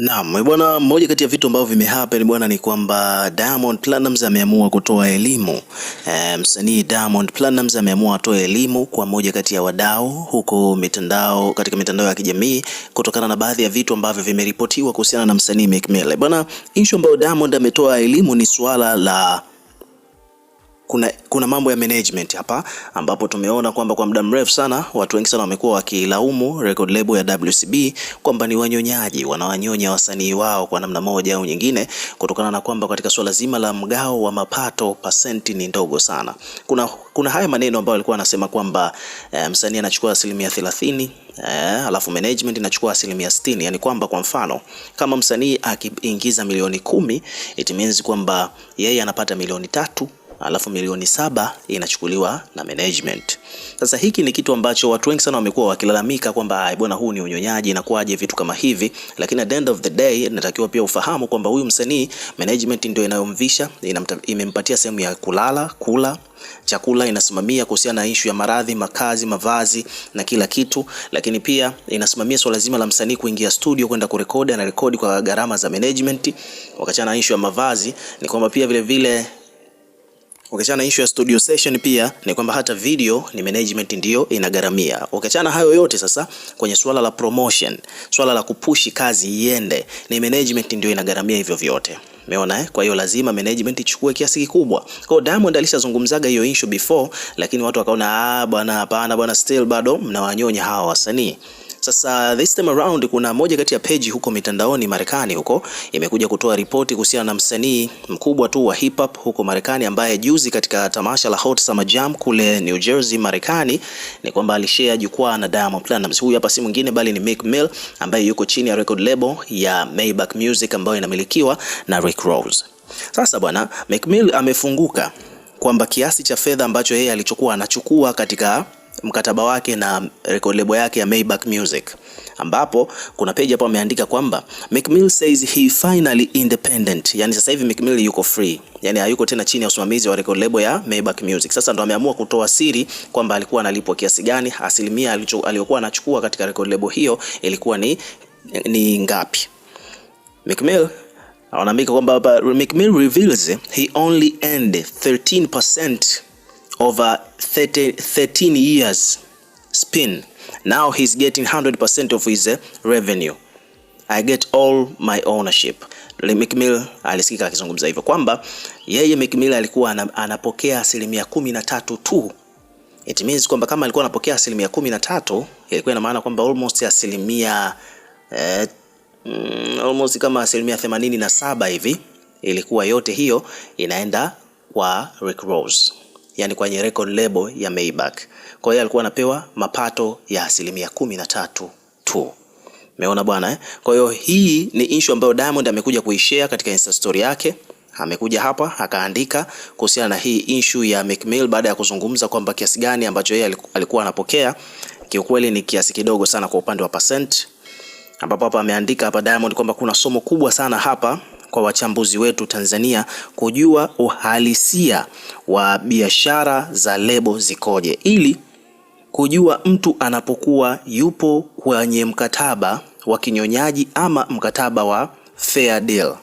Naam, eh, bwana, mmoja kati ya vitu ambavyo vimehappen eh, bwana ni kwamba Diamond Platnumz ameamua kutoa elimu. E, msanii Diamond Platnumz ameamua atoe elimu kwa moja kati ya wadau huko mitandao, katika mitandao ya kijamii kutokana na baadhi ya vitu ambavyo vimeripotiwa kuhusiana na msanii Meek Mill. Bwana, issue ambayo Diamond ametoa elimu ni swala la kuna, kuna mambo ya management hapa ambapo tumeona kwamba kwa muda mrefu sana watu wengi sana wamekuwa wakilaumu record label ya WCB kwamba ni wanyonyaji, wanawanyonya wasanii wao kwa namna moja au nyingine, kutokana na kwamba katika suala zima la mgao wa mapato pasenti ni ndogo sana. Kuna, kuna haya maneno ambayo alikuwa anasema kwamba eh, msanii anachukua asilimia thelathini eh, alafu management inachukua asilimia sitini yani kwamba kwa mfano kama msanii akiingiza milioni kumi it means kwamba yeye anapata milioni tatu alafu milioni saba inachukuliwa na management. Sasa hiki ni kitu ambacho watu wengi sana wamekuwa wakilalamika kwamba bwana, huu ni unyonyaji, inakuwaje vitu kama hivi? Lakini at the end of the day natakiwa pia ufahamu kwamba huyu msanii management ndio inayomvisha, imempatia sehemu ya kulala, kula chakula inasimamia kuhusiana na ishu ya maradhi, makazi, mavazi na kila kitu, lakini pia inasimamia swala zima la msanii kuingia studio kwenda kurekodi, anarekodi kwa gharama za management. Wakachana na ishu ya mavazi, ni kwamba pia vile vile ukiachana na issue ya studio session, pia ni kwamba hata video ni management ndiyo inagharamia. Ukiachana hayo yote sasa, kwenye swala la promotion, swala la kupushi kazi iende, ni management ndiyo inagharamia hivyo vyote. Umeona eh? Kwa hiyo lazima management ichukue kiasi kikubwa. Kwa hiyo Diamond alishazungumzaga hiyo issue before, lakini watu wakaona ah, bwana hapana bwana, still bado mnawanyonya hawa wasanii. Sasa this time around kuna moja kati ya peji huko mitandaoni Marekani huko imekuja kutoa ripoti kuhusiana na msanii mkubwa tu wa hip hop huko Marekani ambaye juzi katika tamasha la Hot Summer Jam kule New Jersey Marekani, ni kwamba alishare jukwaa na Diamond Platnumz. Huyu hapa si mwingine bali ni Meek Mill ambaye yuko chini ya record label ya Maybach Music ambayo inamilikiwa na Rick Ross. Sasa bwana Meek Mill amefunguka kwamba kiasi cha fedha ambacho yeye alichokuwa anachukua katika mkataba wake na eh, record label yake ya Maybach Music, ambapo kuna page hapo ameandika kwamba Meek Mill says he finally independent, yani sasa hivi Meek Mill yuko free, yani hayuko tena chini ya usimamizi wa record label ya Maybach Music. Sasa ndo ameamua kutoa siri kwamba alikuwa analipwa kiasi gani, asilimia aliyokuwa anachukua katika record label hiyo ilikuwa ni, ni ngapi. Meek Mill anaambika kwamba Meek Mill reveals he only earned 13% over 30, 13 years spin. Now he's getting 100% of his uh, revenue. I get all my ownership. Meek Mill alisikika akizungumza hivyo kwamba yeye Meek Mill alikuwa anapokea asilimia kumi na tatu tu. It means kwamba kama alikuwa anapokea asilimia kumi na tatu ilikuwa ina maana kwamba almost asilimia eh, mm, almost kama asilimia themanini na saba hivi ilikuwa yote hiyo inaenda kwa Rick Ross yani kwenye record label ya Maybach. Kwa hiyo alikuwa anapewa mapato ya asilimia kumi na tatu tu. Umeona bwana eh? Kwa hiyo hii ni issue ambayo Diamond amekuja kuishare katika Insta story yake. Amekuja hapa akaandika kuhusiana na hii issue ya Meek baada ya kuzungumza kwamba kiasi gani ambacho yeye alikuwa anapokea. Kiukweli ni kiasi kidogo sana kwa upande wa percent, ambapo hapa ameandika hapa Diamond kwamba kuna somo kubwa sana hapa kwa wachambuzi wetu Tanzania kujua uhalisia wa biashara za lebo zikoje, ili kujua mtu anapokuwa yupo kwenye mkataba wa kinyonyaji ama mkataba wa fair deal.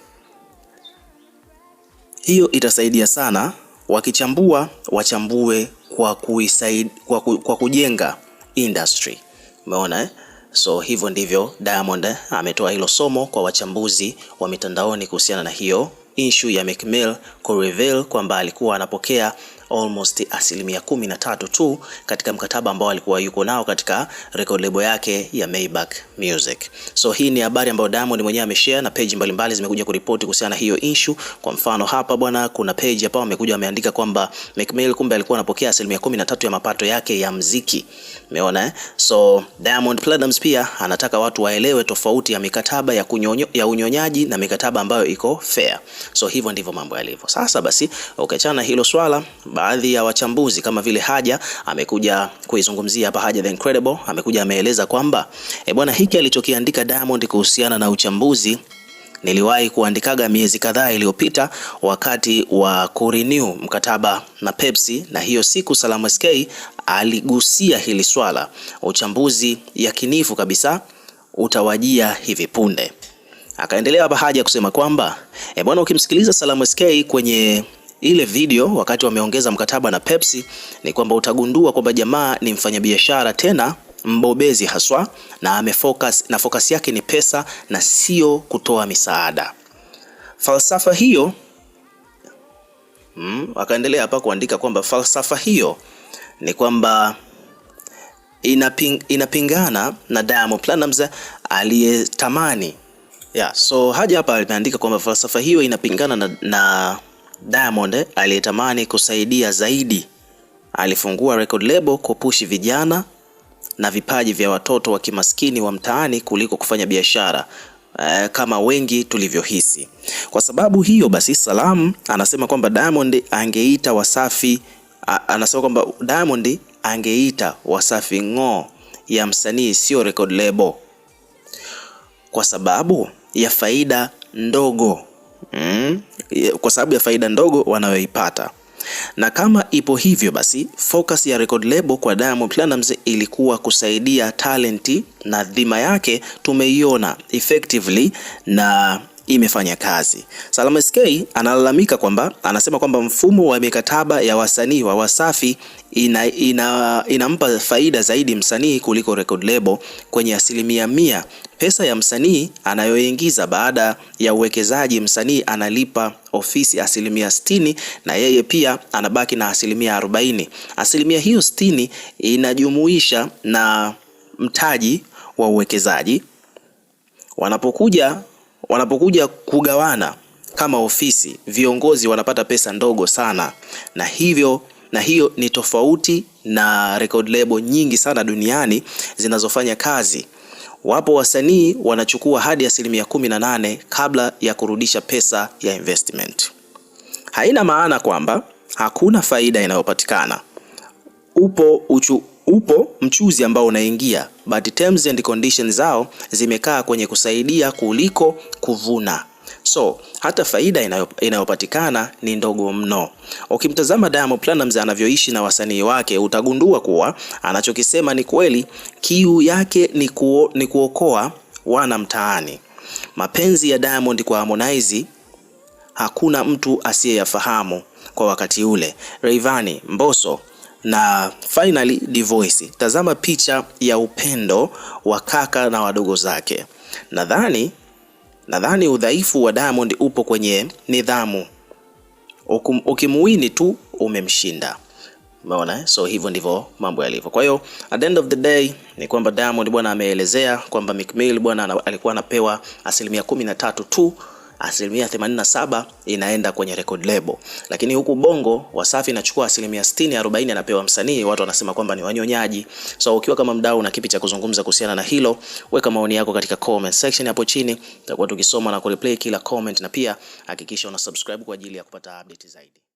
Hiyo itasaidia sana, wakichambua wachambue kwa ku, kwa kujenga industry. Umeona eh? So hivyo ndivyo Diamond eh, ametoa hilo somo kwa wachambuzi wa mitandaoni kuhusiana na hiyo issue ya McMill reveal kwamba alikuwa anapokea almost asilimia kumi na tatu tu katika mkataba ambao alikuwa yuko nao katika record label yake ya Maybach Music. So hii ni habari ambayo Diamond mwenyewe ameshare na page mbalimbali zimekuja kuripoti kuhusiana na hiyo issue. Kwa mfano hapa bwana, kuna page hapa wamekuja wameandika kwamba McMill kumbe alikuwa anapokea asilimia kumi na tatu ya mapato yake ya mziki. Umeona eh? So Diamond Platnumz pia anataka watu waelewe tofauti ya mikataba ya, kunyonyo, ya unyonyaji na mikataba ambayo iko fair. So hivyo ndivyo mambo yalivyo. Sasa basi ukiachana okay, hilo swala baadhi ya wachambuzi kama vile Haja amekuja kuizungumzia hapa, Haja the Incredible amekuja ameeleza kwamba e, bwana hiki alichokiandika Diamond kuhusiana na uchambuzi niliwahi kuandikaga miezi kadhaa iliyopita wakati wa kurenew mkataba na Pepsi, na hiyo siku Salama SK aligusia hili swala. Uchambuzi yakinifu kabisa utawajia hivi punde. Akaendelea hapa Haja kusema kwamba e, bwana ukimsikiliza Salama SK kwenye ile video wakati wameongeza mkataba na Pepsi, ni kwamba utagundua kwamba jamaa ni mfanyabiashara tena mbobezi haswa, na amefocus na focus yake ni pesa na sio kutoa misaada. Falsafa hiyo mm, akaendelea hapa kuandika kwamba falsafa hiyo ni kwamba inaping, inapingana na Diamond Platnumz aliyetamani yeah, so haja hapa ameandika kwamba falsafa hiyo inapingana na, na Diamond aliyetamani kusaidia zaidi alifungua record label kupushi vijana na vipaji vya watoto wa kimaskini wa mtaani kuliko kufanya biashara e, kama wengi tulivyohisi. Kwa sababu hiyo basi, salam anasema kwamba Diamond angeita Wasafi a, anasema kwamba Diamond angeita Wasafi ng'oo ya msanii sio record label kwa sababu ya faida ndogo mm, kwa sababu ya faida ndogo wanayoipata na kama ipo hivyo basi, focus ya record label kwa Diamond Platnumz ilikuwa kusaidia talenti na dhima yake tumeiona effectively na imefanya kazi. Salama SK analalamika kwamba anasema kwamba mfumo wa mikataba ya wasanii wa Wasafi ina, ina, inampa faida zaidi msanii kuliko record label kwenye asilimia mia. Pesa ya msanii anayoingiza baada ya uwekezaji, msanii analipa ofisi asilimia sitini na yeye pia anabaki na asilimia arobaini. Asilimia hiyo sitini inajumuisha na mtaji wa uwekezaji wanapokuja wanapokuja kugawana kama ofisi, viongozi wanapata pesa ndogo sana, na hivyo na hiyo ni tofauti na record label nyingi sana duniani zinazofanya kazi. Wapo wasanii wanachukua hadi asilimia kumi na nane kabla ya kurudisha pesa ya investment. Haina maana kwamba hakuna faida inayopatikana. Upo uchu, upo mchuzi ambao unaingia, but terms and conditions zao zimekaa kwenye kusaidia kuliko kuvuna. So hata faida inayopatikana ni ndogo mno. Ukimtazama Diamond Platnumz anavyoishi na wasanii wake, utagundua kuwa anachokisema ni kweli. Kiu yake ni, kuo, ni kuokoa wana mtaani. Mapenzi ya Diamond kwa Harmonize hakuna mtu asiyeyafahamu kwa wakati ule. Rayvanny Mbosso na finally divorce. Tazama picha ya upendo wa kaka na wadogo zake. Nadhani nadhani udhaifu wa Diamond upo kwenye nidhamu. ukimuini tu umemshinda. Umeona? Eh? So hivyo ndivyo mambo yalivyo. Kwa hiyo at the end of the day ni kwamba Diamond bwana ameelezea kwamba Meek Mill bwana alikuwa anapewa asilimia kumi na tatu tu asilimia 87 inaenda kwenye record label, lakini huku Bongo Wasafi inachukua asilimia 60, 40 anapewa msanii. Watu wanasema kwamba ni wanyonyaji. So ukiwa kama mdau na kipi cha kuzungumza kuhusiana na hilo, weka maoni yako katika comment section hapo chini, tutakuwa tukisoma na kureplay kila comment, na pia hakikisha una subscribe kwa ajili ya kupata update zaidi.